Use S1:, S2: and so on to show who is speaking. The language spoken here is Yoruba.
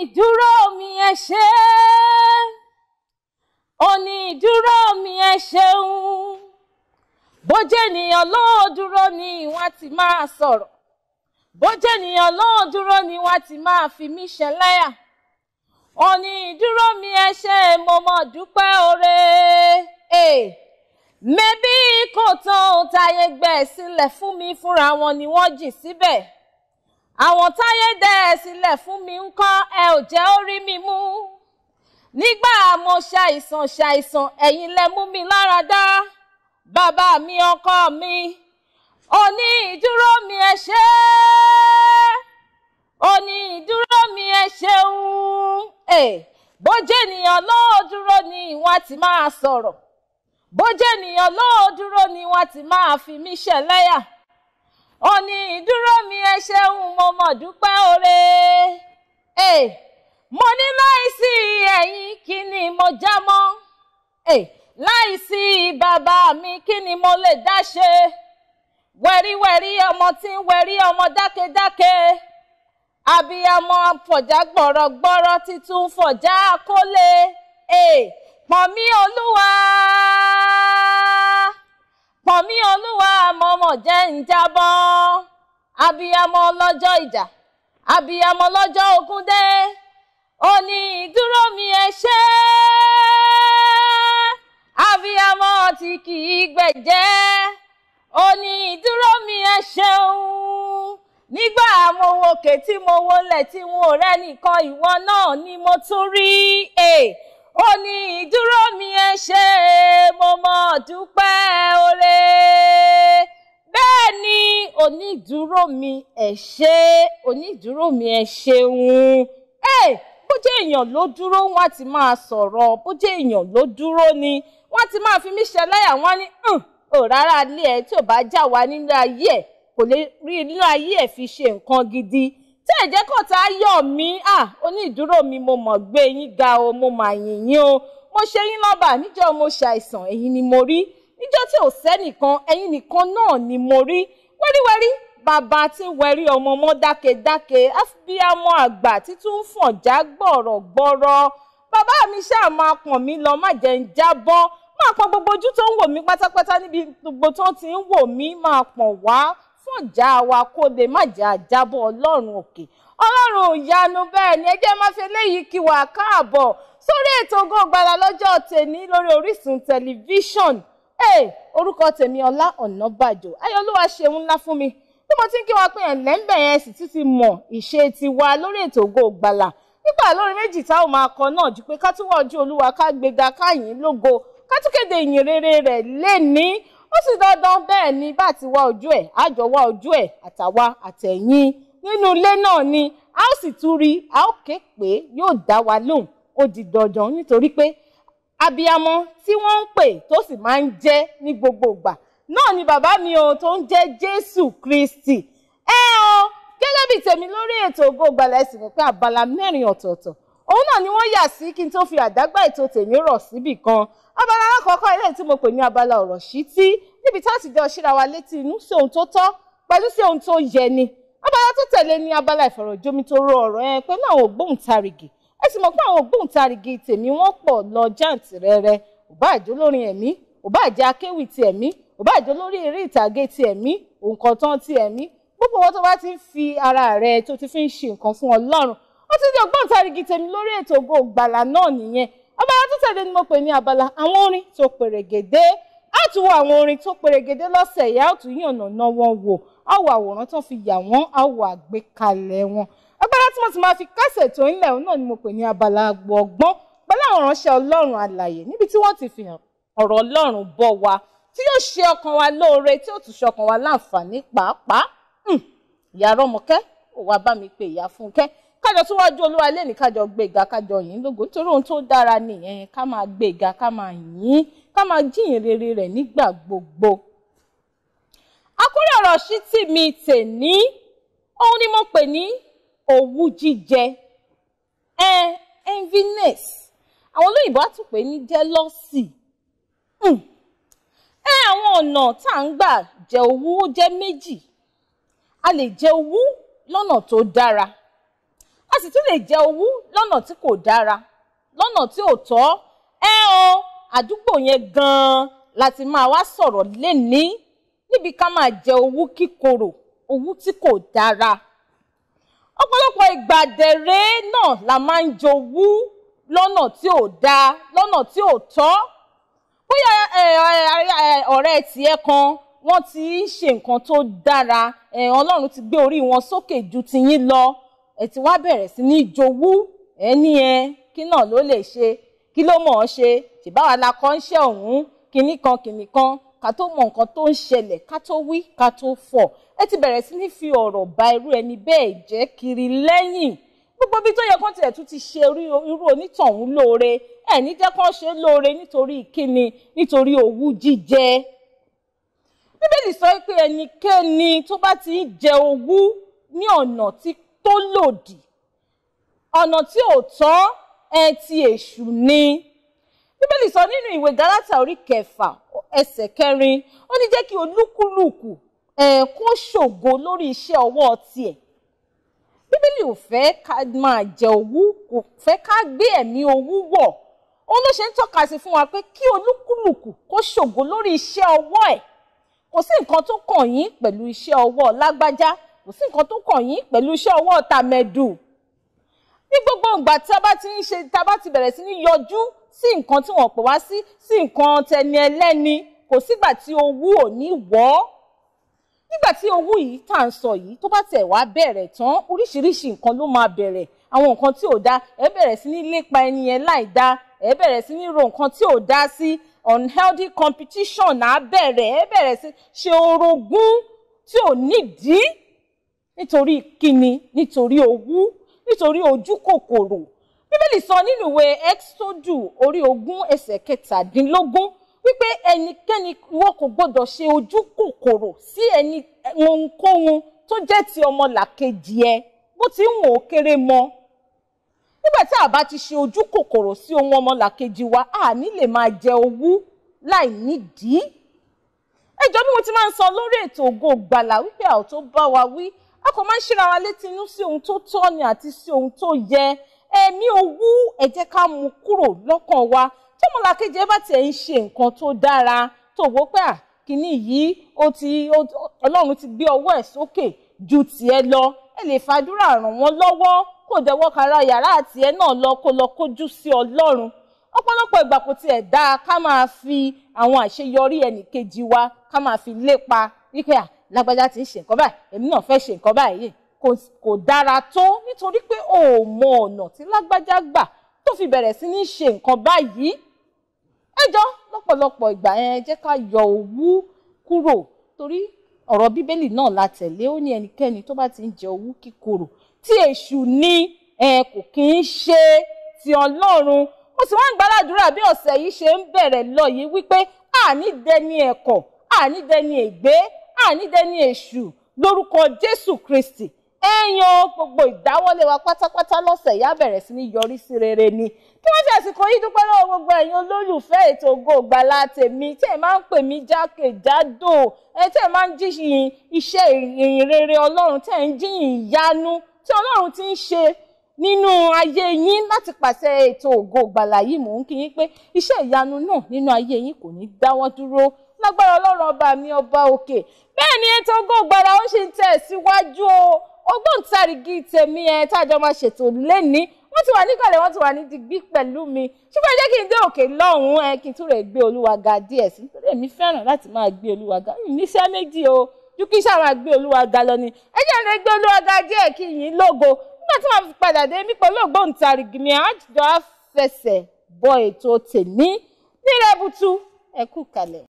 S1: onídúró mi ẹ ṣé onídúró mi ẹ ṣeun bójẹ́ ènìyàn ló dúró ni wọ́n ti máa sọ̀rọ̀ bójẹ́ ènìyàn ló dúró ni wọ́n ti máa fi mí ṣẹlẹ́yà onídúró mi ẹ ṣé mo mọ̀ dúpẹ́ oore mẹ́bí kò tán òun táyé gbẹ̀ sílẹ̀ fún mi fúnra wọn ni wọ́n jì síbẹ̀. Si àwọn táyé dẹ ẹ sílẹ̀ fún mi ń kọ́ ẹ ò jẹ́ ó mi mú nígbà mo ṣàìsàn ṣàìsàn ẹ̀yin lẹ mú mi lára dá bàbá mi ọkọ mi òní ìdúró mi ẹ ṣé òní ìdúró mi ẹ ṣeun bójú ènìyàn ló dúró ni wọ́n ti máa sọ̀rọ̀ bójú ènìyàn ló dúró ni wọ́n ti máa fi mí ṣẹlẹ́yà òní ìdúró mi ẹ ṣeun mo mọ̀ dúpẹ́ oore eh, mo ní láìsí ẹ̀yin kí ni mo já mọ́ eh, láìsí bàbá mi kí ni mo lè dá ṣe wẹ̀ríwẹ̀rí ọmọ tí ń wẹ̀rí ọmọ dákedáke abiyamọ fọ̀já gbọ̀rọ̀gbọ̀rọ̀ títún fọ̀já kólé eh, pọ̀nmí olúwa ọkàn mi olúwa àmọ́mọ́ jẹ́ ń jábọ́ abiyamọ lọ́jọ́ ìjà abiyamọ lọ́jọ́ ogun dé òní ìdúró mi ẹ ṣé abiyamọ tí kì í gbẹ̀jẹ́ òní ìdúró mi ẹ ṣeun nígbà mo wòkè tí mo wọlẹ̀ tí n ò rẹ́nìkan ìwọ náà ni mo tún rí. Eh ó ní ìdúró mi ẹ ṣe mo mọ̀ dúpẹ́ oore bẹ́ẹ̀ ni onídùúró mi ẹ ṣe onídùúró mi ẹ ṣeun bó jẹ́ èèyàn ló dúró wọ́n á ti máa sọ̀rọ̀ bó jẹ́ èèyàn ló dúró ni wọ́n á ti máa fi mí ṣẹlẹ́yà wọ́n á ní ò rárá ilé ẹ tí ò bá já wa nínú ayé ẹ kò lè rí inú ayé ẹ fi ṣe nǹkan gidi tẹ́ ẹ̀ jẹ́ kọ́ta yọ̀ mí à oní ìdúró mi mo mọ̀ gbé yín ga o mo mà yìn yín o mo ṣe yín lọ́ba níjọ́ mo ṣàìsàn ẹ̀yin ni mo rí níjọ́ tí ò sẹ́nìkan ẹ̀yin nìkan náà ni mo rí wẹ́ríwẹ́rí bàbá tí wẹ̀rí ọmọ mọ́ dákedáke àfibíàmọ́ àgbà títún fọ̀njá gbọ̀rọ̀ gbọ́rọ̀ bàbá mi ṣáà máa pọ̀n mí lọ má jẹ́ ń jábọ́ máa pọ̀n gbogbo ojú tó ń wò mí pátápátá níbi gbogbo tó ti ń wò mí máa pọ̀n wá fọ̀njá wa kó lè má jà jábọ́ ọlọ́run òkè ọlọ́run ò yanu bẹ́ẹ̀ ni ẹ jẹ́ má fi eléyìí kí wa káàbọ̀ sórí ètò Ògo Ìgbàlà lọ́jọ́ tèmi lórí Orísun tẹlifíṣọ̀n ee orúkọ tèmi Ọlá Ọ̀nàbàjọ́ ayọ̀lúwa ṣeun ńlá fún mi bí mo ti ń kí pé ẹ̀lẹ́ ń sì ti ti mọ̀ ìṣe tiwa lórí ètò Ògo nígbà lórí méjì tá máa kọ náà ju pé ká tún wá ojú olúwa ká gbéga káyìn lógo ká tún kéde ìyìn rere rẹ̀ lé ní ó sì dandan bẹ́ẹ̀ ni bá ti wá ojú ẹ̀ àjọ wá ojú ẹ̀ àtàwa àtẹ̀yìn nínú ilé náà ni a ó sì tún rí a ó ké pé yóò dá wa lóhùn ó di dandan nítorí pé abiyamọ tí wọ́n ń pè tó sì máa ń jẹ́ ní gbogbo ìgbà náà ni bàbá mi o tó ń jẹ́ Jésù Kristi ẹ o gẹ́gẹ́ bíi tèmi lórí ètò Ògo Ìgbàlà ẹ̀sìn pé abala mẹ́rin ọ̀tọ̀ọ̀tọ̀ òun náà ni wọ́n yà sí kí n tó fi àdágbà ètò tèmi rọ̀ síbì kan abala alákọ̀ọ́kọ́ eléyìí tí mo pè ní abala ọ̀rọ̀ ṣítí níbi tá a ti jọ ṣíra wa létí inú sí ohun tó tọ́ pẹ̀lú sí ohun tó yẹ ni abala tó tẹ̀lé ní abala ìfọ̀rọ̀jomitoro ọ̀rọ̀ ẹ pẹ̀lú àwọn ògbóǹtarìgì ẹ sì mọ̀ pé àwọn ògbóǹtarìgì tèmi wọ́n pọ̀ lọ jàǹtìrẹrẹ ó bá jẹ́ olórin ẹ̀mí ó bá jẹ́ akéwì ti ẹ̀mí ó bá jẹ́ olórí eré ìtàgé ti ẹ̀mí òǹkọ̀tàn ti ẹ̀mí gbogbo ó ti di ògbóǹtarìgì tèmi lórí ètò Ògo náà nìyẹn abala tó tẹ̀lé ni mo pè ní abala àwọn orin tó pèrègèdè á tún wo àwọn orin tó pèrègèdè lọ́sẹ̀ ìyá ó tún yànnà ná wọn wò á wo àwòrán tó fi yà wọ́n á wo àgbékalẹ̀ wọn abala tí mo ti máa fi kásẹ̀ tó ń lẹ̀ òun náà ni mo pè ní abala gbọ̀ngbọ́n pẹ̀lú àwọn ránṣẹ́ Ọlọ́run alàyè níbi tí wọ́n ti fi hàn ọ̀rọ̀ Ọlọ́run bọ̀ wa tí yóò ṣe ọkàn wa lóore tí yóò tún ṣe ọkàn wa láǹfààní pàápàá hmm, ìyá rọmọkẹ́ ò bá mi pè ìyá fúnkẹ́ kájọ tó wájú olúwa ilé ní kájọ gbéga kájọ yìn lógo nítorí ohun tó dára nìyẹn ká máa gbéga ká máa yìn ká máa jíyìn rere rẹ̀ nígbà gbogbo. àkórí ọ̀rọ̀ sí tì mi tèní ohun ni mo pè ní owú jíjẹ ẹ enviness àwọn olóyìnbó á tún pè ní jealousy hmm. ẹ àwọn ọ̀nà tá à ń gbà jẹ owú ó méjì a lè jẹ owú lọ́nà tó dára a sì tún lè jẹ owú lọ́nà tí kò dára lọ́nà tí ò tọ́ ẹ o àdúgbò yẹn gan-an láti máa wá sọ̀rọ̀ lénìí níbi ká máa jẹ owú kíkorò owú tí kò dára ọ̀pọ̀lọpọ̀ ìgbàdẹ̀rẹ́ náà la máa ń jowú lọ́nà tí ò dáa lọ́nà tí ò tọ́ bóyá ọ̀rẹ́ tiẹ̀ kan wọ́n ti ń ṣe nǹkan tó dára Ọlọ́run ti gbé orí wọn sókè ju tiyín lọ ẹ ti wá bẹ̀rẹ̀ sí ní jowú ẹ ní ẹ kí náà ló lè ṣe kí ló mọ̀ ọ́ ṣe ṣèbáwa la kọ́ ń ṣe ọ̀hún kinní kan kinní kan ká tó mọ nǹkan tó ń ṣẹlẹ̀ ká tó wí ká tó fọ̀ ẹ ti bẹ̀rẹ̀ sí ní fi ọ̀rọ̀ ba irú ẹni bẹ́ẹ̀ jẹ́ kiri lẹ́yìn gbogbo bí tó yẹ kán tiẹ̀ tún ti ṣe irú onítọ̀hún lóore ẹ̀ ní jẹ́ kán ṣe lóore nítorí kíni nítorí owú jíjẹ bíbélì sọ pé ẹnikẹ́ni tó bá ti ń jẹ owú ní ọ̀nà tí tó lòdì ọ̀nà tí ò tọ́ ẹ ti èṣù ni bíbélì sọ nínú ìwé galata orí kẹfà ẹsẹ̀ kẹrin ó ní jẹ́ kí olúkúlùkù ẹ̀ kó ṣògo lórí iṣẹ́ ọwọ́ tiẹ̀ bíbélì ò fẹ́ ká máa jẹ owú kò fẹ́ ká gbé ẹ̀mí owú wọ̀ òun ló ṣe ń tọ́ka sí fún wa pé kí olúkúlùkù kó ṣògo lórí iṣẹ́ ọwọ́ ẹ̀ kò sí nǹkan tó kàn yín pẹ̀lú iṣẹ́ ọwọ́ lágbájá kò sí nǹkan tó kàn yín pẹ̀lú iṣẹ́ ọwọ́ tàmẹ̀dù ní gbogbo ìgbà tí a bá ti ń ṣe tá a bá ti bẹ̀rẹ̀ sí ní yọjú sí nǹkan tí wọ́n pè wá sí sí nǹkan tẹni ẹlẹ́ni kò sígbà tí owó ò ní wọ́ nígbà tí owó yìí tá à ń sọ yìí tó bá tẹ̀ wá bẹ̀rẹ̀ tán oríṣiríṣi nǹkan ló máa bẹ̀rẹ̀ àwọn nǹkan tí ò dáa ẹ bẹ̀rẹ̀ sí ní lépa ẹni yẹn láì dáa ẹ bẹ̀rẹ̀ sí ní ro nǹkan tí ò dáa sí unhealthy competition á bẹ̀rẹ̀ ẹ bẹ̀rẹ̀ sí ṣe orogún tí ò nídìí nítorí kíni nítorí owú nítorí ojú kòkòrò bíbélì sọ nínú ìwé exodu orí ogún ẹsẹ̀ kẹtàdínlógún wípé ẹnikẹ́ni wọn kò gbọ́dọ̀ ṣe ojú kòkòrò sí ẹni ohunkóhun tó jẹ́ ti ọmọlàkejì ẹ bó ti ń wò ó kéré mọ́ nígbà tí a ti ṣe ojú kòkòrò sí ohun ọmọlàkejì wa a ní lè máa jẹ owú láì nídìí ẹjọ́ bí mo ti máa ń sọ lórí ètò Ògo Ìgbàlà wípé àwọn tó bá wa wí a kò máa ń ṣíra wa létí inú sí ohun tó tọ́ ni àti sí ohun tó yẹ ẹ̀mí owú ẹ jẹ́ ká mú kúrò lọ́kàn wa tí ọmọlàkejì ẹ bá tiẹ̀ ń ṣe nǹkan tó dára tó wọ́ pé à kínní yìí ó ti ọlọ́run ti gbé ọwọ́ ẹ̀ sókè ju tiẹ̀ lọ ẹ lè fàdúrà ràn wọ́n lọ́wọ́ kó dẹwọ́ kara yàrá àtiẹ̀ náà lọ kó lọ kójú sí ọlọ́run ọ̀pọ̀lọpọ̀ ìgbà kò tiẹ̀ dáa ká máa fi àwọn àṣeyọrí ẹnìkejì wa ká máa fi lépa wípé à lágbájá ti ń ṣe nǹkan báyìí èmi náà fẹ́ ṣe nǹkan báyìí kò dára tó nítorí pé o ò mọ ọ̀nà tí lágbájá gbà tó fi bẹ̀rẹ̀ sí ní ṣe nǹkan báyìí ẹjọ́ lọ́pọ̀lọpọ̀ ìgbà yẹn jẹ́ ká yọ owú kúrò torí ọ̀rọ̀ bíbélì náà la tẹ̀lé ó ní ẹnikẹ́ni tó bá ti ń jẹ owú kíkorò tí èṣù ni ẹ kò kí ń ṣe ti ọlọ́run mo sì wá ń gbàládùúrà bí ọ̀sẹ̀ yìí ṣe ń bẹ̀rẹ̀ lọ yìí wípé àní dẹni ẹ̀kọ́ àní dẹni ègbé ànídẹ́ni èṣù lórúkọ jésù kristi ẹ̀yàn gbogbo ìdáwọ́lé wa pátápátá lọ́sẹ̀ yá bẹ̀rẹ̀ sí ní yọrí sí rere ni kí wọ́n ti àsìkò yìí dúpẹ́ lọ́wọ́ gbogbo ẹ̀yin olólùfẹ́ ètò Ògo Ìgbàlà tèmi tẹ́ ẹ̀ máa ń pè mí jákèjádò ẹ tẹ́ ẹ̀ máa ń jíyìn iṣẹ́ ìyìn rere ọlọ́run tẹ́ ẹ̀ ń jíyìn ìyanu tí ọlọ́run ti ń ṣe nínú ayé yín láti pàṣẹ ètò Ògo Ìgbàlà yìí mò ń kí yín pé iṣẹ́ ìyanu náà nínú ayé yín kò ní dáwọ́ dúró lágbára ọlọ́run ọba mi ọba òkè bẹ́ẹ̀ ni ètò Ògo Ìgbàlà ó ṣe ń tẹ̀síwájú o ògbóǹtarìgì tèmi ẹ tájọ máa ṣètò lẹ́ni wọ́n ti wà níkàlẹ̀ wọ́n ti wà ní digbí pẹ̀lú mi ṣùgbọ́n ẹ jẹ́ kí n dé òkè lọ́hùn-ún ẹ kí n tún rẹ̀ gbé olúwa ga díẹ̀ sí nítorí èmi fẹ́ràn láti máa gbé olúwa ga níṣẹ́ méjì o ju kí sáà máa gbé olúwa ga lọ ni ẹ jẹ́ rẹ̀ gbé olúwa ga díẹ̀ kí yín lógo nígbà tí wọ́n fi padà dé mí pẹ̀lú ògbóǹtarìgì mi àjọ afẹsẹ̀ bọ ètò tèmi ní rẹ́bùtù ẹ kú kalẹ̀.